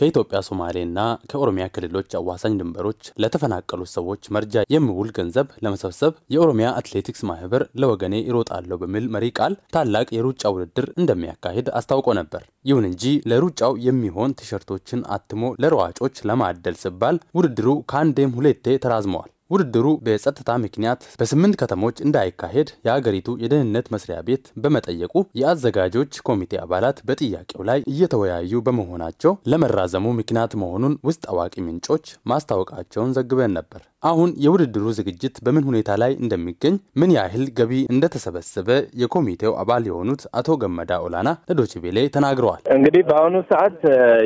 ከኢትዮጵያ ሶማሌና ከኦሮሚያ ክልሎች አዋሳኝ ድንበሮች ለተፈናቀሉት ሰዎች መርጃ የሚውል ገንዘብ ለመሰብሰብ የኦሮሚያ አትሌቲክስ ማህበር ለወገኔ ይሮጣለሁ በሚል መሪ ቃል ታላቅ የሩጫ ውድድር እንደሚያካሂድ አስታውቆ ነበር። ይሁን እንጂ ለሩጫው የሚሆን ቲሸርቶችን አትሞ ለሯጮች ለማደል ሲባል ውድድሩ ከአንዴም ሁለቴ ተራዝመዋል። ውድድሩ በጸጥታ ምክንያት በስምንት ከተሞች እንዳይካሄድ የአገሪቱ የደህንነት መስሪያ ቤት በመጠየቁ የአዘጋጆች ኮሚቴ አባላት በጥያቄው ላይ እየተወያዩ በመሆናቸው ለመራዘሙ ምክንያት መሆኑን ውስጥ አዋቂ ምንጮች ማስታወቃቸውን ዘግበን ነበር። አሁን የውድድሩ ዝግጅት በምን ሁኔታ ላይ እንደሚገኝ፣ ምን ያህል ገቢ እንደተሰበሰበ የኮሚቴው አባል የሆኑት አቶ ገመዳ ኦላና ለዶችቤሌ ተናግረዋል። እንግዲህ በአሁኑ ሰዓት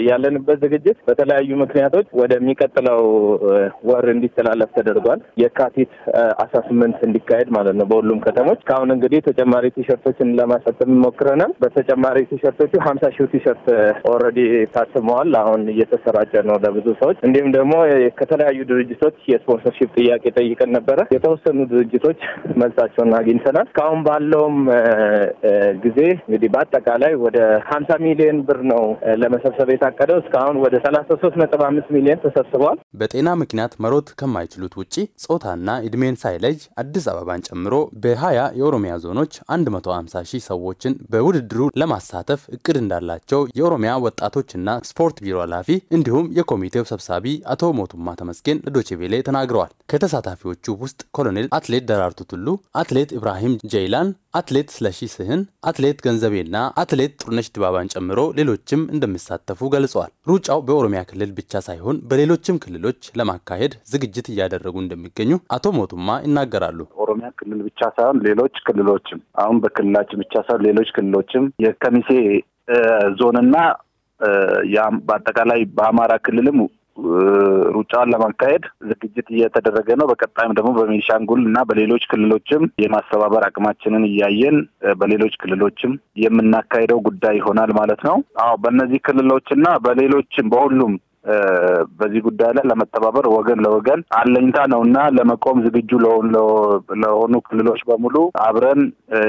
ያለንበት ዝግጅት በተለያዩ ምክንያቶች ወደሚቀጥለው ወር እንዲተላለፍ ተደርጓል። የካቲት አስራ ስምንት እንዲካሄድ ማለት ነው በሁሉም ከተሞች። ከአሁን እንግዲህ ተጨማሪ ቲሸርቶችን ለማሳተም ሞክረናል። በተጨማሪ ቲሸርቶቹ ሀምሳ ሺህ ቲሸርት ኦልሬዲ ታትመዋል። አሁን እየተሰራጨ ነው ለብዙ ሰዎች። እንዲሁም ደግሞ ከተለያዩ ድርጅቶች የስፖንስ ስፖንሰርሺፕ ጥያቄ ጠይቀን ነበረ። የተወሰኑ ድርጅቶች መልሳቸውን አግኝተናል። እስካሁን ባለውም ጊዜ እንግዲህ በአጠቃላይ ወደ ሀምሳ ሚሊዮን ብር ነው ለመሰብሰብ የታቀደው። እስካሁን ወደ ሰላሳ ሶስት ነጥብ አምስት ሚሊዮን ተሰብስቧል። በጤና ምክንያት መሮት ከማይችሉት ውጪ ጾታና እድሜን ሳይለይ አዲስ አበባን ጨምሮ በሀያ የኦሮሚያ ዞኖች አንድ መቶ ሀምሳ ሺህ ሰዎችን በውድድሩ ለማሳተፍ እቅድ እንዳላቸው የኦሮሚያ ወጣቶችና ስፖርት ቢሮ ኃላፊ እንዲሁም የኮሚቴው ሰብሳቢ አቶ ሞቱማ ተመስገን ለዶቼ ቬሌ ተናግረዋል። ተናግረዋል። ከተሳታፊዎቹ ውስጥ ኮሎኔል አትሌት ደራርቱ ቱሉ፣ አትሌት ኢብራሂም ጀይላን፣ አትሌት ስለሺ ስህን፣ አትሌት ገንዘቤና አትሌት ጥሩነሽ ድባባን ጨምሮ ሌሎችም እንደሚሳተፉ ገልጸዋል። ሩጫው በኦሮሚያ ክልል ብቻ ሳይሆን በሌሎችም ክልሎች ለማካሄድ ዝግጅት እያደረጉ እንደሚገኙ አቶ ሞቱማ ይናገራሉ። ኦሮሚያ ክልል ብቻ ሳይሆን ሌሎች ክልሎችም አሁን በክልላችን ብቻ ሳይሆን ሌሎች ክልሎችም የከሚሴ ዞንና በአጠቃላይ በአማራ ክልልም ሩጫውን ለማካሄድ ዝግጅት እየተደረገ ነው። በቀጣይም ደግሞ በቤኒሻንጉል እና በሌሎች ክልሎችም የማስተባበር አቅማችንን እያየን በሌሎች ክልሎችም የምናካሄደው ጉዳይ ይሆናል ማለት ነው። አዎ በእነዚህ ክልሎች እና በሌሎችም በሁሉም በዚህ ጉዳይ ላይ ለመተባበር ወገን ለወገን አለኝታ ነው እና ለመቆም ዝግጁ ለሆኑ ክልሎች በሙሉ አብረን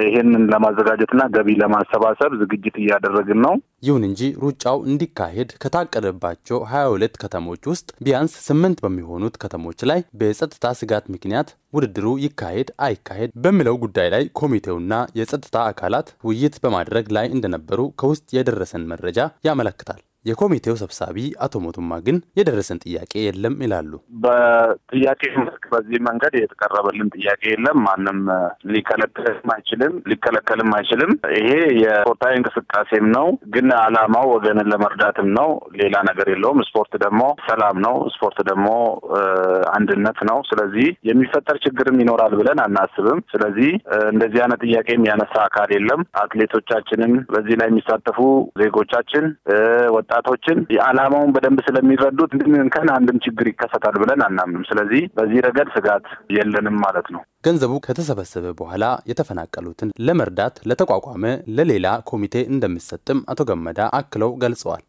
ይህንን ለማዘጋጀትና ገቢ ለማሰባሰብ ዝግጅት እያደረግን ነው። ይሁን እንጂ ሩጫው እንዲካሄድ ከታቀደባቸው 22 ከተሞች ውስጥ ቢያንስ ስምንት በሚሆኑት ከተሞች ላይ በጸጥታ ስጋት ምክንያት ውድድሩ ይካሄድ አይካሄድ በሚለው ጉዳይ ላይ ኮሚቴውና የጸጥታ አካላት ውይይት በማድረግ ላይ እንደነበሩ ከውስጥ የደረሰን መረጃ ያመለክታል። የኮሚቴው ሰብሳቢ አቶ ሞቱማ ግን የደረሰን ጥያቄ የለም ይላሉ። በጥያቄ መልክ በዚህ መንገድ የተቀረበልን ጥያቄ የለም። ማንም ሊከለከልም አይችልም ሊከለከልም አይችልም። ይሄ የስፖርታዊ እንቅስቃሴም ነው። ግን ዓላማው ወገንን ለመርዳትም ነው። ሌላ ነገር የለውም። ስፖርት ደግሞ ሰላም ነው። ስፖርት ደግሞ አንድነት ነው። ስለዚህ የሚፈጠር ችግርም ይኖራል ብለን አናስብም። ስለዚህ እንደዚህ አይነት ጥያቄ የሚያነሳ አካል የለም። አትሌቶቻችንን፣ በዚህ ላይ የሚሳተፉ ዜጎቻችን፣ ወጣቶችን የዓላማውን በደንብ ስለሚረዱት እንድንንከን አንድም ችግር ይከሰታል ብለን አናምንም። ስለዚህ በዚህ ረገድ ስጋት የለንም ማለት ነው። ገንዘቡ ከተሰበሰበ በኋላ የተፈናቀሉትን ለመርዳት ለተቋቋመ ለሌላ ኮሚቴ እንደሚሰጥም አቶ ገመዳ አክለው ገልጸዋል።